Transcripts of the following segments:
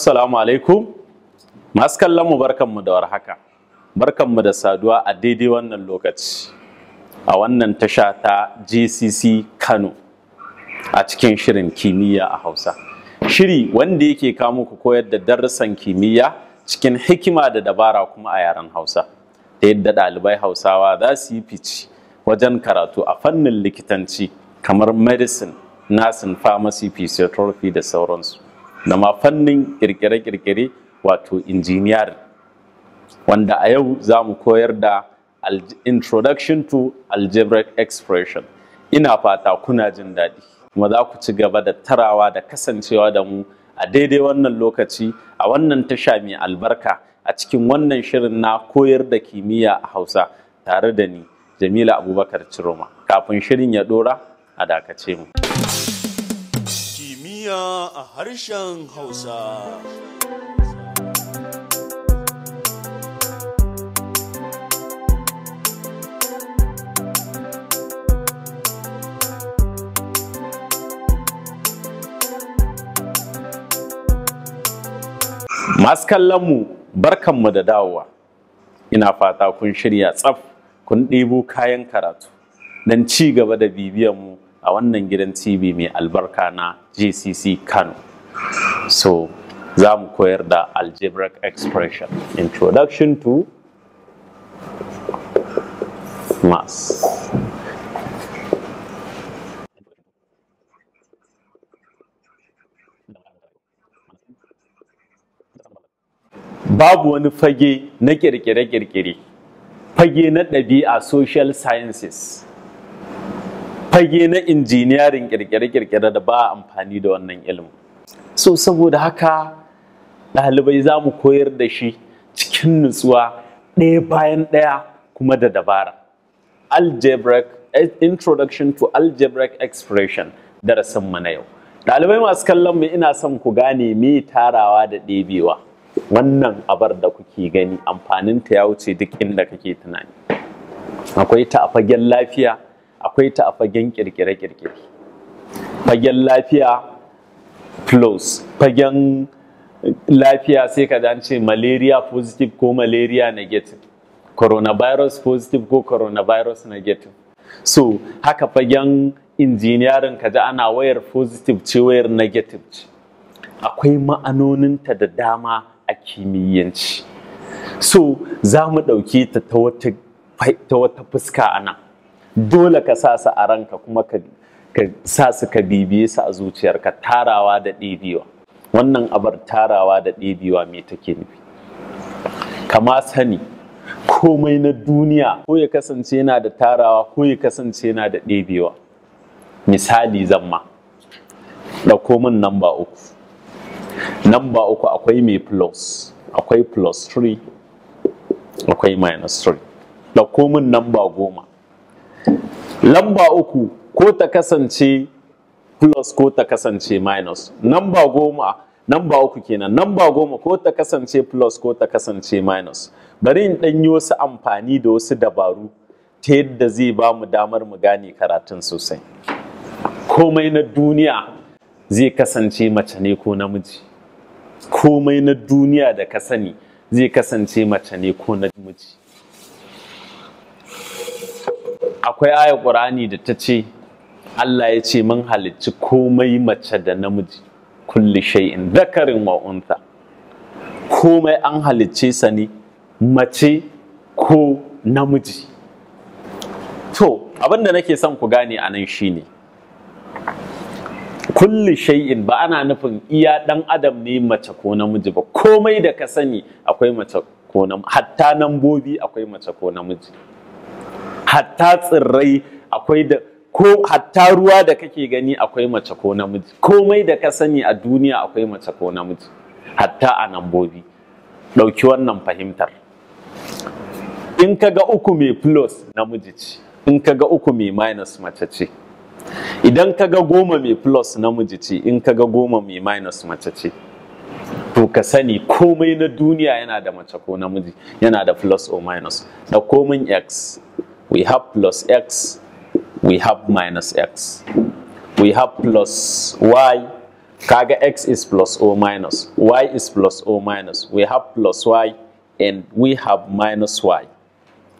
Assalamu alaikum. Masu kallon mu barkanmu da warhaka. Barkanmu da saduwa a daidai wannan lokaci. A wannan tasha ta GCC Kano a cikin shirin kimiyya a Hausa. Shiri wanda yake kamo ku koyar da darussan kimiyya cikin hikima da dabara kuma a yaren Hausa. Da yadda ɗalibai Hausawa za su yi fici wajen karatu a fannin likitanci kamar medicine, nursing, pharmacy, physiotherapy da sauransu. da ma fannin kirkire-kirkire wato injiniyar wanda a yau za mu koyar da introduction to algebraic expression ina fata kuna jin daɗi kuma za ku ci gaba da tarawa da kasancewa da mu a daidai wannan lokaci a wannan tasha mai albarka a cikin wannan shirin na koyar da kimiyya a hausa tare da ni jamila abubakar ciroma kafin shirin ya dora a dakace mu duniya a harshen Hausa. Masu kallonmu barkanmu da dawowa, ina fata kun shirya tsaf kun ɗebo kayan karatu don ci gaba da bibiyanmu a wannan gidan TV mai albarka na GCC Kano. So, zamu koyar da algebraic expression, introduction to mass. Babu wani fage na kirkire-kirkire, fage na ɗabi'a social sciences. fage na injiniyarin kirkire-kirkire da ba amfani da wannan ilimin so saboda haka ɗalibai za mu koyar da shi cikin nutsuwa ɗaya bayan ɗaya kuma da dabara algebraic introduction to algebraic expression darasin mu na yau ɗalibai masu kallon mu ina son ku gane me tarawa da ɗebewa wannan abar da kuke gani amfaninta ya wuce duk inda kake tunani akwai ta a fagen lafiya akwai ta a fagen kirkire-kirkire fagen lafiya plus fagen lafiya sai ka ce malaria positive ko malaria negative coronavirus positive ko coronavirus negative so haka fagen injiniyarin ka ji ana wayar positive ce wayar negative ce akwai ma'anoninta da dama a kimiyyanci so za mu ɗauki ta ta wata fuska a nan dole ka sa su a ranka kuma ka sa su ka bibiye su a zuciyarka tarawa da ɗebewa wannan abar tarawa da ɗebewa me take nufi kama sani komai na duniya ko ya kasance yana da tarawa ko ya kasance yana da ɗebewa misali zamma ɗauko min namba uku namba uku akwai mai plus akwai plus 3 akwai minus 3 ɗauko min namba goma lamba uku ko ta kasance plus ko ta kasance minus namba goma namba uku kenan namba goma ko ta kasance plus ko ta kasance minus bari in ɗan yi wasu amfani da wasu dabaru ta yadda zai ba mu damar mu gane karatun sosai komai na duniya zai kasance mace ne ko namiji komai na duniya da ka sani zai kasance mace ne ko namiji akwai ayar ƙur'ani da ta ce Allah ya ce mun halicci komai mace da namiji kulli shay'in dakarin wa unta komai an halicce sa ne mace ko namiji to abin da nake son ku gane a nan shine kulli shay'in ba ana nufin iya ɗan adam ne mace ko namiji ba komai da ka sani akwai mace ko namiji hatta nambobi akwai mace ko namiji hatta tsirrai akwai da ko hatta ruwa da kake gani akwai mace ko namiji komai da ka sani a duniya akwai mace ko namiji hatta a nambobi ɗauki wannan fahimtar in ka ga uku mai plus namiji ce in ka ga uku mai minus mace ce idan ka ga goma mai plus namiji ce in ka ga goma mai minus mace ce to ka sani komai na duniya yana da mace ko namiji yana da plus or minus da komin x we have plus x, we have minus x. We have plus y, kaga x is plus or minus, y is plus or minus, we have plus y and we have minus y.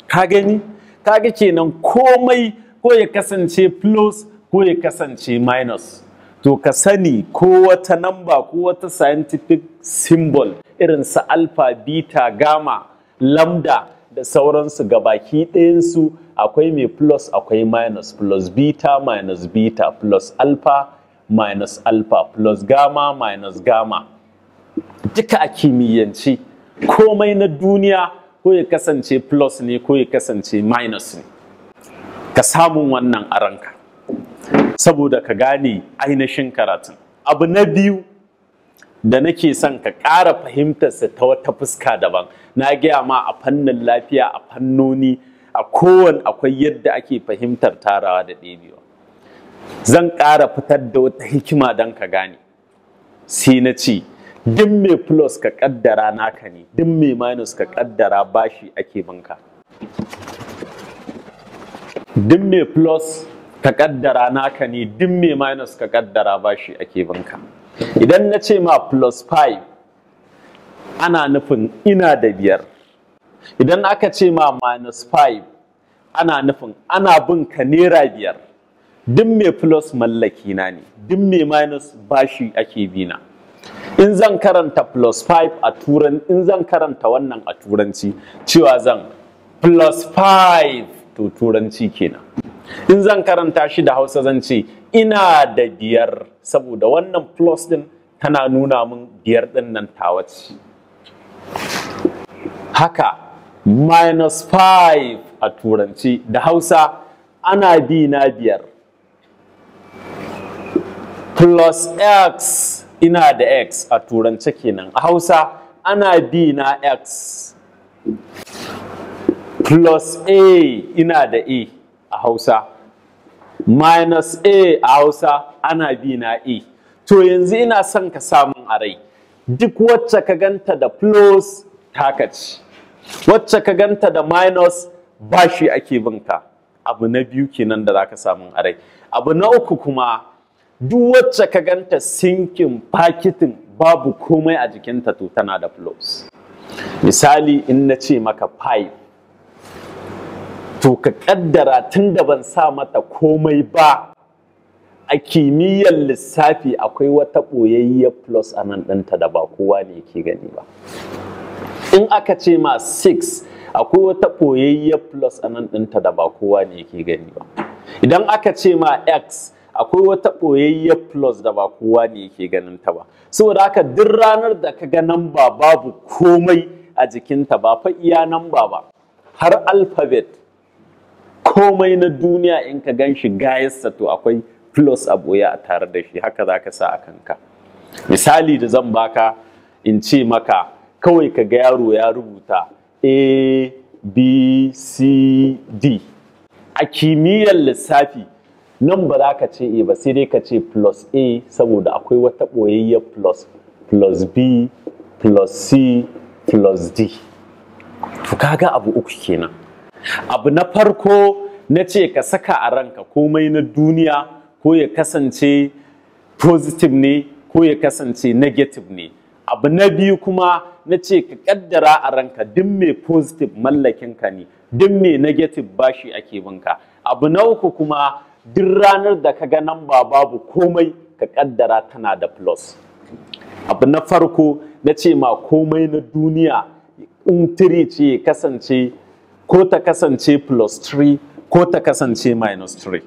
Ka gani? Kaga nan komai ko ya kasance plus ko ya kasance minus. To ka sani ko wata number, ko wata scientific symbol irin sa alpha, beta, gamma, lambda da sauransu gabaki ɗayansu akwai mai plus akwai minus plus beta minus beta plus alpha minus alpha plus gamma minus gamma duka a kimiyyance komai na duniya ko ya kasance plus ne ko ya kasance minus ne ka samun wannan a ranka saboda ka gane ainihin karatun abu na biyu da nake son ka ƙara fahimtarsa ta wata fuska daban na gaya ma a fannin lafiya a fannoni a kowane akwai yadda ake fahimtar tarawa da ɗebewa zan ƙara fitar da wata hikima don ka gane sai na ce duk mai plus ka ƙaddara naka ne duk mai minus ka ƙaddara bashi ake binka duk mai plus ka ƙaddara naka ne duk mai minus ka ƙaddara bashi ake binka idan na ce ma plus 5 ana nufin ina da biyar idan aka ce ma minus 5 ana nufin ana bin ka naira biyar duk mai plus mallaki na ne duk mai minus bashi ake bina in zan karanta plus 5 a turan in zan karanta wannan a turanci cewa zan plus 5 to turanci kenan in zan karanta shi da hausa zan ce ina da biyar saboda wannan plus din tana nuna min biyar din nan tawa haka minus 5 a turanci da hausa ana bi na biyar plus x ina da x a turance kenan a hausa ana bi na x plus a ina da a a hausa minus a a hausa ana B na a e. to yanzu ina son ka samun a rai duk wacce ka ganta da plus ta wacce ka ganta da minus ba shi ake binka abu na biyu kenan da za ka samun a rai abu na uku kuma duk wacce ka ganta sinkin pakitin, babu komai a jikinta to tana da plus misali in na ce maka pipe to ka kaddara tun da ban sa mata komai ba a kimiyyar lissafi akwai wata ɓoyayya plus a nan ɗanta da ba kowa ne ke gani ba in aka ce ma 6 akwai wata ɓoyayya plus a nan ɗanta da ba kowa ne ke gani ba idan aka ce ma x akwai wata ɓoyayya plus da ba kowa ne ke ganin ta ba saboda haka duk ranar da ka ga nan ba babu komai a jikinta ba fa iya nan ba ba har alphabet komai na duniya in ka gan shi gayarsa to akwai plus a boye a tare da shi haka za ka sa a kanka misali da zan baka in ce maka kawai ka ga yaro ya rubuta a b c d a kimiyyar lissafi nan ba za ka ce a ba sai dai ka ce plus a saboda akwai wata ɓoyayya plus plus b plus c plus d to kaga abu uku kenan abu na farko na ce ka saka a ranka komai na duniya ko ya kasance positive ne ko ya kasance negative ne abu na biyu kuma na ce ka kaddara a ranka duk mai positive ka ne duk mai negative bashi ake binka abu na uku kuma duk ranar da ka ga nan ba babu komai ka kaddara tana da plus abu na farko na ce ma komai na duniya in tiri ce kasance ko ta kasance plus 3 ko ta kasance minus 3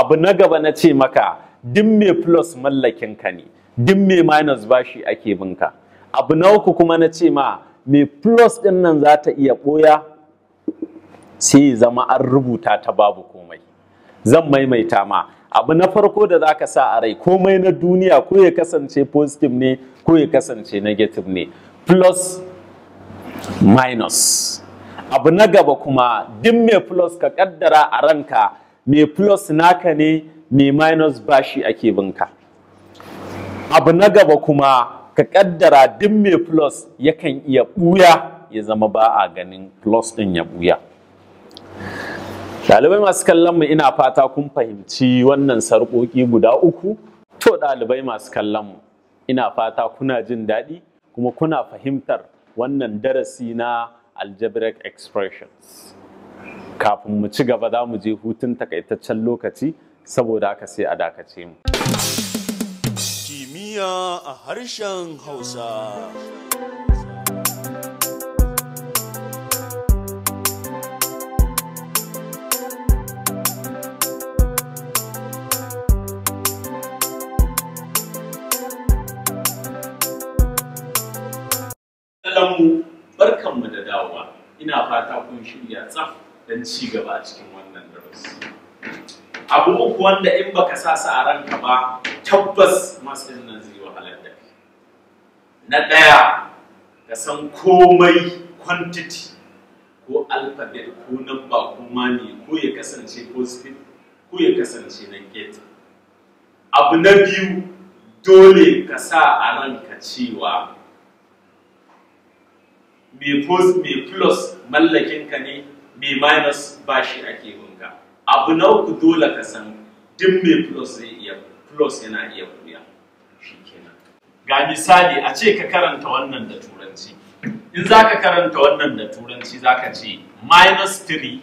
abu na gaba na ce maka duk mai plus mallakin ka ne duk mai minus bashi ake binka abu na uku kuma na ce ma me plus din nan za ta iya ɓoya sai zama an rubuta ta babu komai zan maimaita ma abu na farko da za ka sa a rai komai na duniya ko ya kasance positive ne ko ya kasance negative ne plus minus abu na gaba kuma duk mai plus ka kaddara a ranka mai plus naka ne mai minus bashi ake binka abu na gaba kuma ka kaddara duk mai plus yakan iya buya ya zama ba a ganin plus din ya buya Ɗalibai masu kallon mu ina fata kun fahimci wannan sarƙoƙi guda uku. To ɗalibai masu kallon mu ina fata kuna jin daɗi kuma kuna fahimtar wannan darasi na algebraic expressions kafin mu ci gaba za mu je hutun takaitaccen lokaci saboda haka sai a dakace mu kimiyya a harshen hausa Dan ci gaba a cikin wannan darasi abu uku wanda in baka sa su a ranka ba tabbas masu nan zai wahalar da kai na ɗaya ka san komai quantity ko alphabet ko number ko mani ko ya kasance ko speed ko ya kasance na gate abu na biyu dole ka sa a ranka cewa me plus mallakinka ne B minus ba shi ake bunka abu na uku dole ka san duk mai plus zai iya plus yana iya kuya shi ga misali a ce ka karanta wannan da turanci in za ka karanta wannan da turanci za ka ce minus 3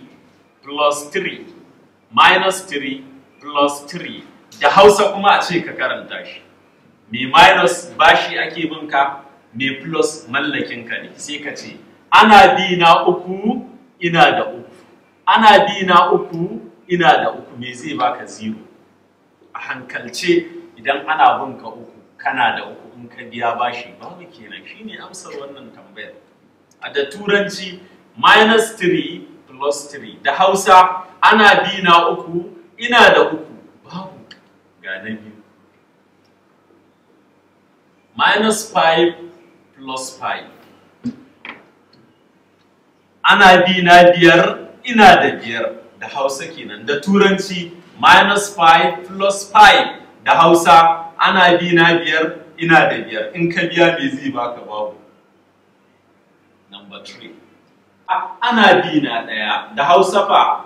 plus 3 minus 3 plus 3 da hausa kuma a ce ka karanta shi mai minus ba bashi ake binka mai plus mallakinka ne sai ka ce ana bi na uku ina da uku ana bi na uku ina da uku me zai baka zero a hankalce idan ana bin ka uku kana da uku in ka biya bashi babu kenan shine amsar wannan tambayar a da turanci minus 3 plus 3 da hausa ana bi na uku ina da uku babu ga na biyu minus 5 plus 5 ana bi na biyar ina da biyar da hausa kenan da turanci minus 5 plus 5 da hausa ana bi na biyar ina da biyar in ka biya me zai baka babu number 3 ana bi na ɗaya da hausa fa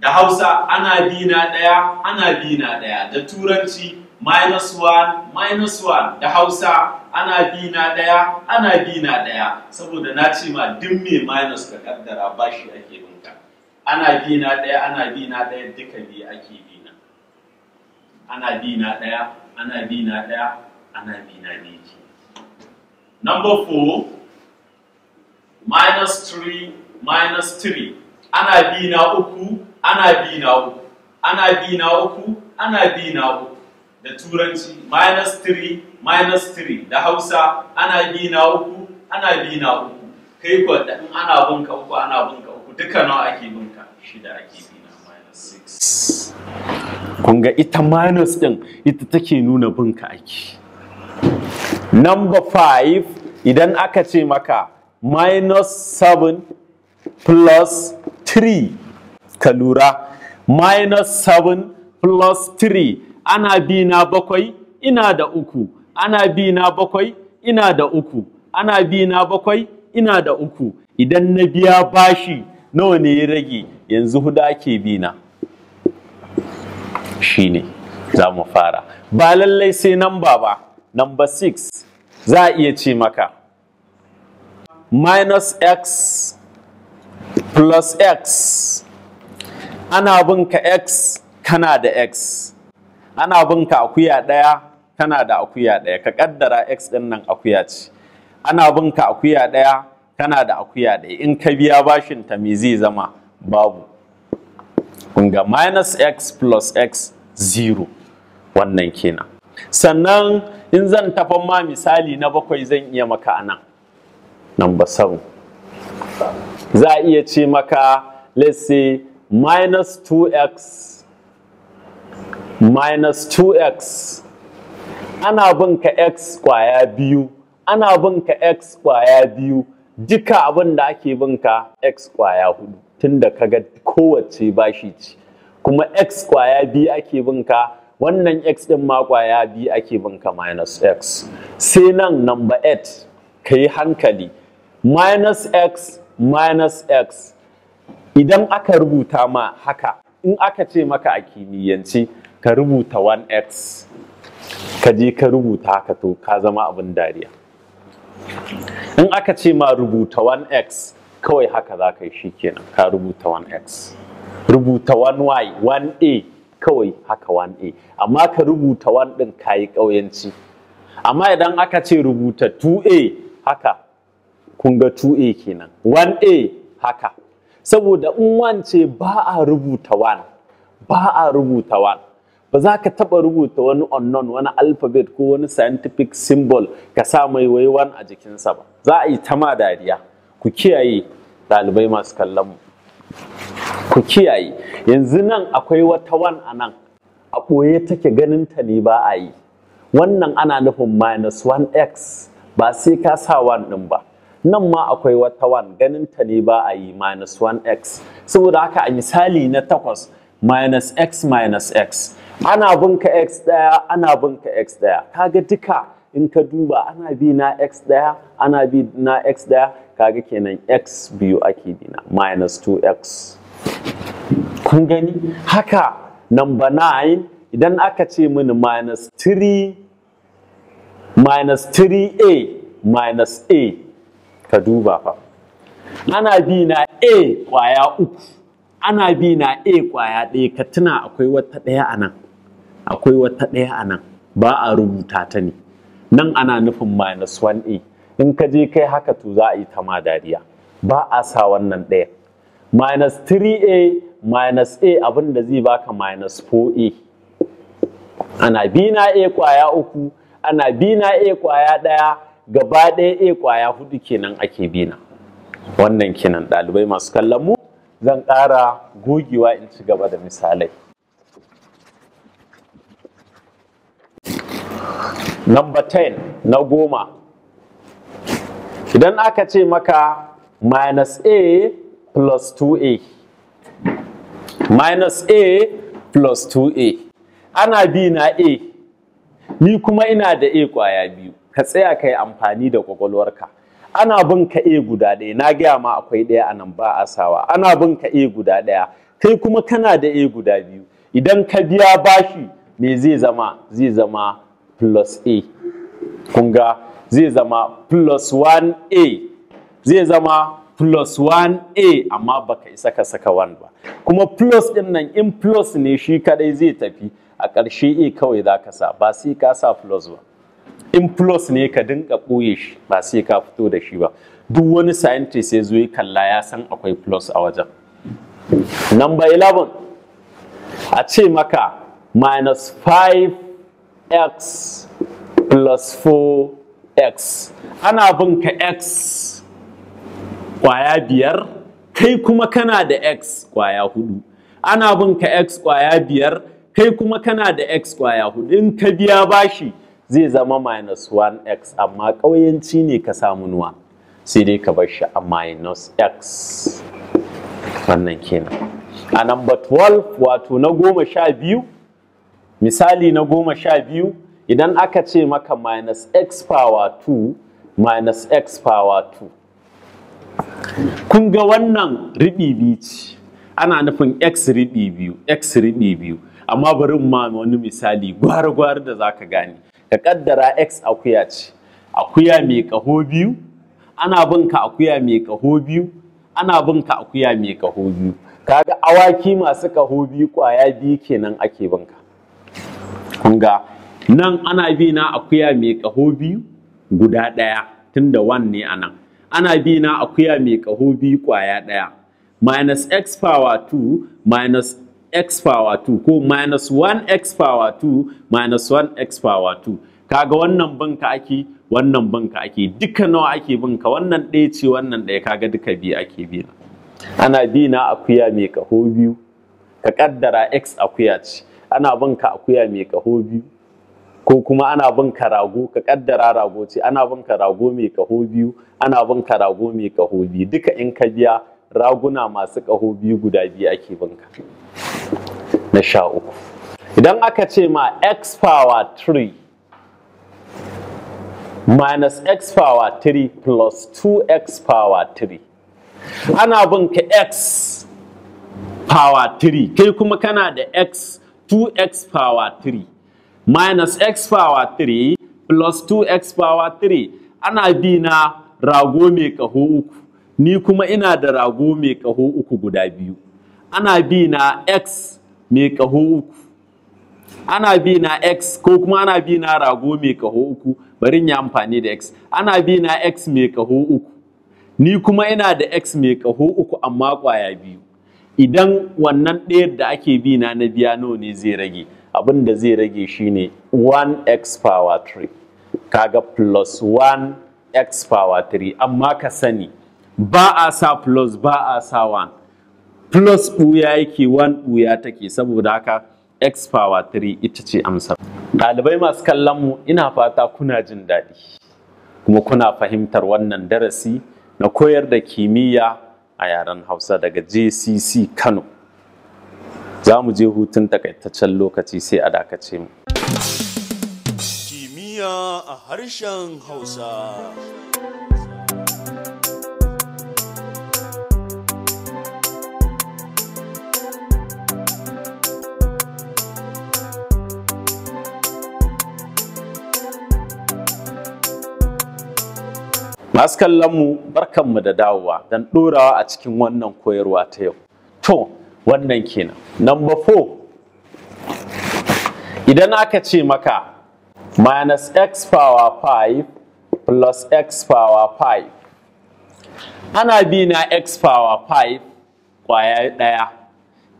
da hausa ana bi na daya ana bi na ɗaya da turanci minus 1 minus 1 da hausa ana bi na ɗaya ana bi na ɗaya saboda na ce ma duk me minus ka kaddara ba shi ake binka ana bi na ɗaya ana bi na ɗaya duka bi ake bi na ana bi na ɗaya ana bi na ɗaya ana bi na biyu number 4 minus 3 minus 3 ana bi na uku ana bi na uku ana bi na uku ana bi na uku da turanci minus 3 minus 3 da hausa ana bi na uku ana bi uku kai ko in ana bin uku ana bin uku duka nawa ake bin ka shida ake bi na minus 6 kun ita minus din ita take nuna bin ka ake number 5 idan aka ce maka minus 7 plus 3 ka lura minus 7 plus 3 ana bi na bakwai ina da uku ana bi na bakwai ina da uku ana bi na bakwai ina da uku idan na biya bashi nawa ne ya rage yanzu huda ake bi na shine za mu fara ba lallai sai namba ba number 6 za a iya ce maka minus x plus x ana bin ka x kana da x ana bin ka akuya ɗaya kana da akuya ɗaya ka ƙaddara x ɗin nan akuya ce ana bin ka akuya ɗaya kana da akuya ɗaya in ka biya bashin ta me zai zama babu kun ga minus x plus x zero wannan kenan sannan in zan tafan ma misali na bakwai zan iya maka anan number seven za a iya ce maka let's say minus 2x minus 2x ana bin ka x kwaya biyu ana bin ka x kwaya biyu duka abin da ake bin ka x kwaya hudu tunda kaga kowace bashi ce kuma x kwaya biyu ake bin ka wannan x din ma kwaya biyu ake binka minus x sai nan number 8 ka yi hankali minus x minus x idan aka rubuta ma haka in aka ce maka a kimiyyance ka rubuta 1x ka je ka rubuta haka to ka zama abin dariya in aka ce ma rubuta 1x kawai haka za ka yi shi kenan ka rubuta 1x rubuta 1y 1a kawai haka 1a amma ka rubuta 1 ɗin ka yi ƙauyanci amma idan aka ce rubuta 2a haka kun ga 2a kenan 1a haka saboda in wance ba a rubuta 1 ba a rubuta 1 ba za ka taɓa rubuta wani unknown wani alphabet ko wani scientific symbol ka sa mai waiwan a jikinsa ba za a yi ta ma dariya ku kiyaye ɗalibai masu kallon mu ku kiyaye yanzu nan akwai wata wan a nan a ɓoye take ganin ta ne ba a yi wannan ana nufin minus 1x ba sai ka sa wan ɗin ba nan ma akwai wata wan ganin ta ne ba a yi minus 1x saboda haka a misali na takwas minus x minus x ana binka x ɗaya ana binka x ɗaya kaga duka in ka duba ana bi na x ɗaya ana bi na x ɗaya kaga kenan x biyu ake bi na minus 2x kun gani haka number 9 idan aka ce mini minus 3 minus 3a minus a ka duba fa ana bi na a kwaya uku ana bi na a eh, kwaya ɗaya ka tuna akwai wata ɗaya a nan akwai wata ɗaya a nan ba a rubuta ta ne nan ana nufin minus 1a in ka je kai haka to za a yi ta ma dariya ba a sa wannan ɗaya minus 3a minus a abin da zai baka minus 4a ana bi na a kwaya uku ana bi na a kwaya ɗaya gaba ɗaya a kwaya hudu kenan ake na. wannan kenan ɗalibai masu kallon mu zan ƙara gogewa in ci gaba da misalai number 10 na goma idan aka ce maka minus a plus 2a minus a plus 2a ana bi na a ni kuma ina da a kwaya biyu ka tsaya ka yi amfani da kwakwalwarka ana bin ka e guda ɗaya na gaya ma akwai ɗaya a nan ba a sawa ana bin ka e guda ɗaya kai kuma kana da e guda biyu idan ka biya bashi me zai zama zai zama plus a kun zai zama plus 1a zai zama plus 1a amma baka isa ka saka 1 ba kuma plus ɗin nan in plus ne shi kaɗai zai tafi a ƙarshe a kawai za ka sa ba sai ka sa plus ba in plus ne ka dinga ɓoye shi ba sai ka fito da shi ba duk wani scientist sai zuwa kalla ya san akwai plus a wajen number 11 a ce maka minus 5x plus 4x ana bin ka x kwaya biyar kai kuma kana da x kwaya hudu ana bin ka x kwaya biyar kai kuma kana da x kwaya hudu in ka biya bashi zai zama minus 1x amma ƙauyanci ne ka samu nuwa sai dai ka bar shi a minus x wannan kenan a number 12 wato na goma sha biyu misali na goma sha biyu idan aka ce maka minus x power 2 minus x power 2 kun ga wannan riɓi ce ana nufin x riɗi biyu x ribi biyu amma bari ma wani misali gwara-gwara da za ka gane ka kaddara x akuya ce akuya mai kaho biyu ana bin ka akuya mai kaho biyu ana bin ka akuya mai kaho biyu kaga awaki masu kaho biyu kwaya biyu kenan ake bin ka kun ga nan ana bi na akuya mai kaho biyu guda ɗaya da one ne anan ana bi na akuya mai kaho biyu kwaya ɗaya minus x power 2 minus x power 2 ko minus 1x power 2 minus 1x power 2 kaga wannan banka ake wannan banka ake duka nawa ake binka wannan ɗaya ce wannan ɗaya kaga duka biyu ake bi ana bi na akuya mai kaho biyu ka kaddara x akuya ce ana binka akuya mai kaho biyu ko kuma ana binka rago ka kaddara rago ce ana banka rago mai kaho biyu ana banka rago mai kaho biyu duka in ka biya raguna masu kaho biyu guda biyu ake banka. na sha uku idan aka ce ma x power 3 minus x power 3 plus 2x power 3 ana bin ka x power 3 kai kuma kana da x 2x power 3 minus x power 3 plus 2x power 3 ana bi na rago mai kaho uku ni kuma ina da rago mai kaho uku guda biyu ana bi na x mai kaho uku ana bi na x ko kuma ana bi na rago mai kaho uku bari ya amfani da x ana bi na x mai kaho uku ni kuma ina da x mai kaho uku amma kwaya biyu idan wannan ɗayan da ake bi na na biya nawa ne zai rage abin da zai rage shine 1x power 3 kaga plus 1 x power 3 amma ka sani ba a sa plus ba a sa 1 plus ɓuya yake wan ɓuya take saboda haka x power 3 ita ce amsar ɗalibai masu kallon mu ina fata kuna jin daɗi kuma kuna fahimtar wannan darasi na koyar da kimiyya a yaren hausa daga jcc kano za mu je hutun takaitaccen lokaci sai a dakace mu kimiyya a harshen hausa Masu kallonmu barkanmu da dawowa don ɗorawa a cikin wannan koyarwa ta yau. To, wannan kenan. Number four, idan aka ce maka minus x power 5 plus x power 5, ana bi na x power 5 kwaya ɗaya,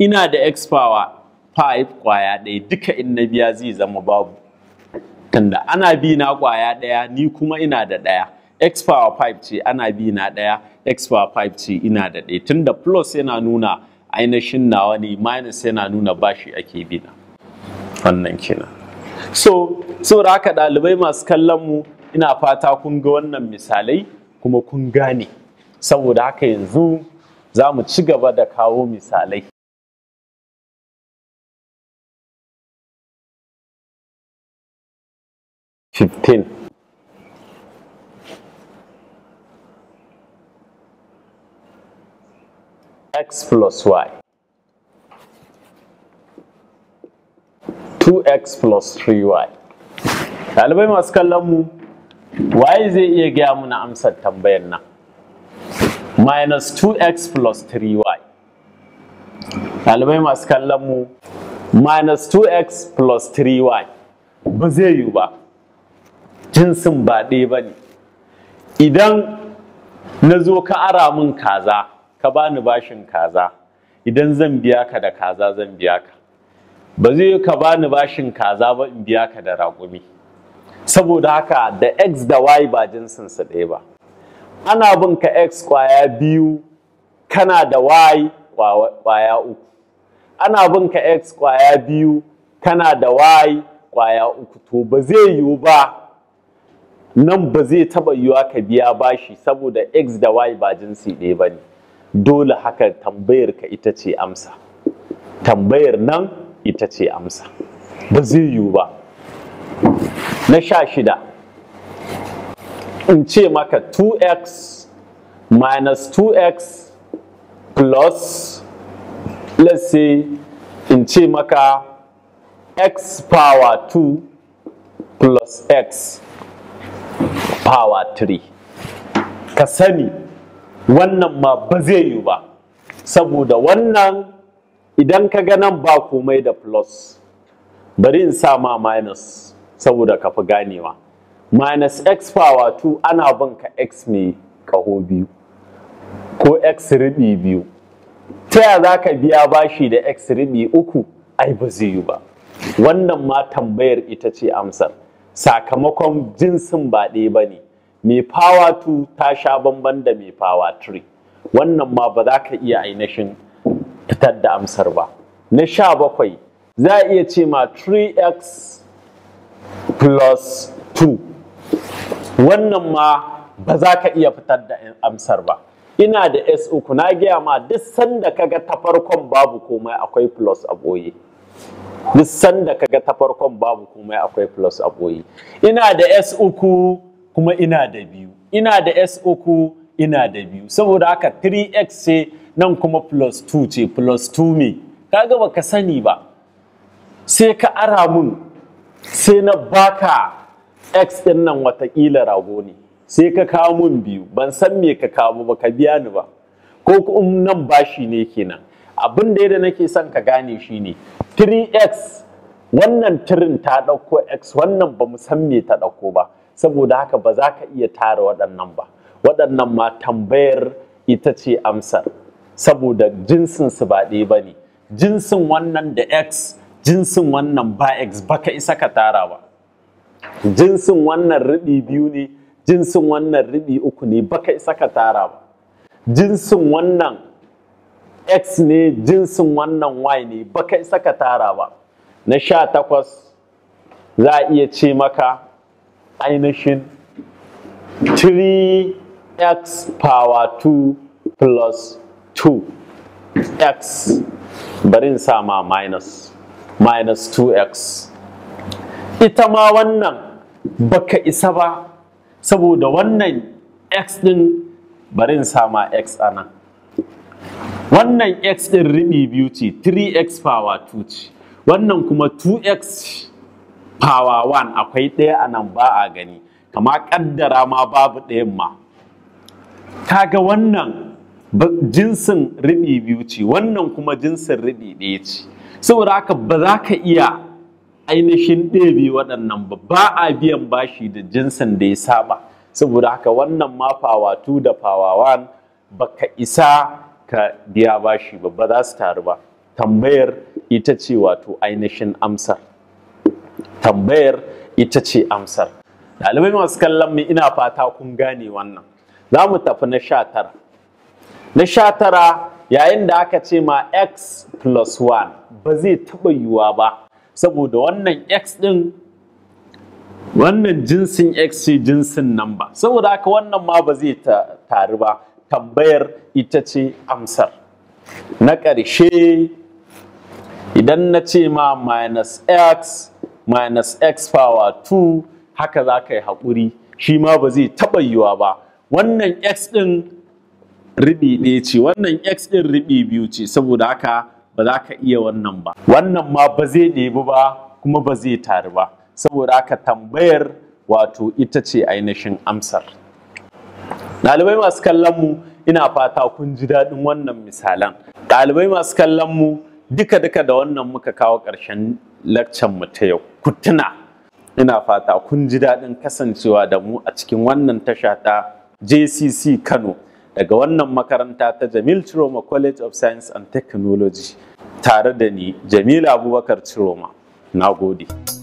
ina da x power 5 kwaya ɗaya duka in na biya zai zama babu. Tunda ana bi na kwaya ɗaya ni kuma ina da ɗaya. x power 5 ce ana bi na ɗaya x power 5 ce ina da ɗaya tunda plus yana nuna ainihin nawa ne minus yana nuna bashi ake bi na wannan kenan so saboda haka ɗalibai masu kallon mu ina fata kun ga wannan misalai kuma kun gane saboda haka yanzu za mu ci gaba da kawo misalai Fifteen. x plus y 2x plus 3y ɗalibai masu kallon mu waye zai iya gaya muna amsar tambayar nan minus 2x plus 3y ɗalibai masu kallon mu minus 2x plus 3y ba zai yi ba jinsin ba ɗaya ba ne idan na zo ka ara min kaza ka bani bashin kaza idan zan biya ka da kaza zan biya ka ba zai ka bani bashin kaza ba in biya ka da raƙumi saboda haka da x da y ba jinsin su ɗaya ba ana bin ka x kwaya biyu kana da y kwaya uku ana bin ka x kwaya biyu kana da y kwaya uku to ba zai yiwu ba nan ba zai taɓa yiwa ka biya bashi saboda x da y ba jinsi ɗaya ba ne dole haka tambayar ka ita ce amsa tambayar nan ita ce amsa ba zai yiwu ba na sha shida in ce maka 2x minus 2x plus let's say in ce maka x power 2 plus x power 3 ka sani wannan ma ba zai yi ba saboda wannan idan ka ga nan ba komai da plus bari in sa ma minus saboda ka fi ganewa minus x power 2 ana bin ka x mai kaho biyu ko x ribi biyu ta ya za ka biya bashi da x ribi uku ai ba zai yi ba wannan ma tambayar ita ce amsar sakamakon jinsin ba ɗaya ba ne mai power 2 ta sha bamban da mai power 3 wannan ma ba za ka iya ainihin fitar da amsar ba na sha bakwai za a iya ce ma 3x plus 2 wannan ma ba za ka iya fitar da amsar ba ina da s uku na gaya ma duk sanda kaga ta farkon babu komai akwai plus a boye duk sanda kaga ta farkon babu komai akwai plus a ina da s uku kuma ina da biyu ina da s uku ina da biyu saboda haka 3x ce nan kuma plus 2 ce plus 2 me kaga baka sani ba sai ka ara mun sai na baka x din nan watakila rago ne sai ka kawo mun biyu ban san me ka kawo ba ka biya ni ba ko kuma nan bashi ne kenan abin da da nake son ka gane shi ne. 3x wannan tirin ta ɗauko x wannan ba mu san me ta ɗauko ba saboda haka ba za ka iya tara waɗannan ba waɗannan ma tambayar ita ce amsar saboda jinsin su ba ɗaya ba ne jinsin wannan da x jinsin wannan ba x ba ka isa ka tara ba jinsin wannan riɓi biyu ne jinsin wannan riɓi uku ne ba ka isa ka tara ba jinsin wannan x ne jinsin wannan y ne ba ka isa ka tara ba na sha takwas za a iya ce maka ainihin 3x power 2 plus 2x bari in sa minus minus 2x ita ma wannan baka isa ba saboda wannan x din bari in sa x anan wannan x din ribi biyu ce 3x power 2 ce wannan kuma 2x power one akwai ɗaya a nan ba a gani kama ƙaddara ma babu ɗayan ma Ta ga wannan jinsin riɗi biyu ce wannan kuma jinsin riɗi ɗaya ce saboda haka ba za ka iya ainihin ɗebe waɗannan ba ba a biyan bashi da jinsin da ya saba saboda haka wannan ma two da Pawawan baka isa ka biya bashi ba ba za su taru ba tambayar ita ce wato ainihin amsar tambayar ita ce amsar Dalibai masu kallon mu ina fata kun gane wannan za mu tafi na sha tara na sha tara yayin da aka ce ma x plus 1 ba zai taɓa yiwuwa ba saboda wannan x ɗin wannan jinsin x ce jinsin nan ba saboda haka wannan ma ba zai taru ba tambayar ita ce amsar na ƙarshe idan na ce ma minus x minus x power 2 haka za ka yi haƙuri shi ma ba zai taɓa yiwa ba wannan x ɗin ribi ɗaya ce wannan x ɗin ribi biyu ce saboda haka ba za ka iya wannan ba wannan ma ba zai ɗebi ba kuma ba zai taru ba saboda haka tambayar wato ita ce ainihin amsar ɗalibai masu kallon mu ina fata kun ji daɗin wannan misalan ɗalibai masu kallon mu duka duka da wannan muka kawo ƙarshen lakcan mu ta yau ku tuna ina fata kun ji daɗin kasancewa da mu a cikin wannan tasha ta JCC Kano daga wannan makaranta ta Jamil Chiroma College of Science and Technology tare da ni Jamil Abubakar Chiroma na gode